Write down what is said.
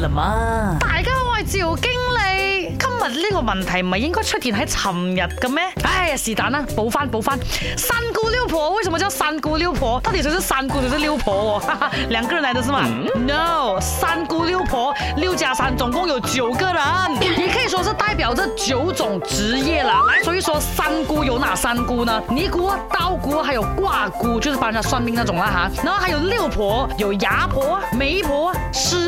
大家好，我係趙經理。今日呢個問題唔係應該出現喺尋日嘅咩？哎呀，是但啦，補翻補翻。三姑六婆為什麼叫三姑六婆？到底真是三姑還是六婆？兩個人來的是嘛？嗯，No，三姑六婆，六加三，總共有九個人。你可以說是代表這九種職業啦。來，所以說三姑有哪三姑呢？尼姑、道姑，還有卦姑，就是幫人算命那種啦，哈。然後還有六婆，有牙婆、媒婆、師。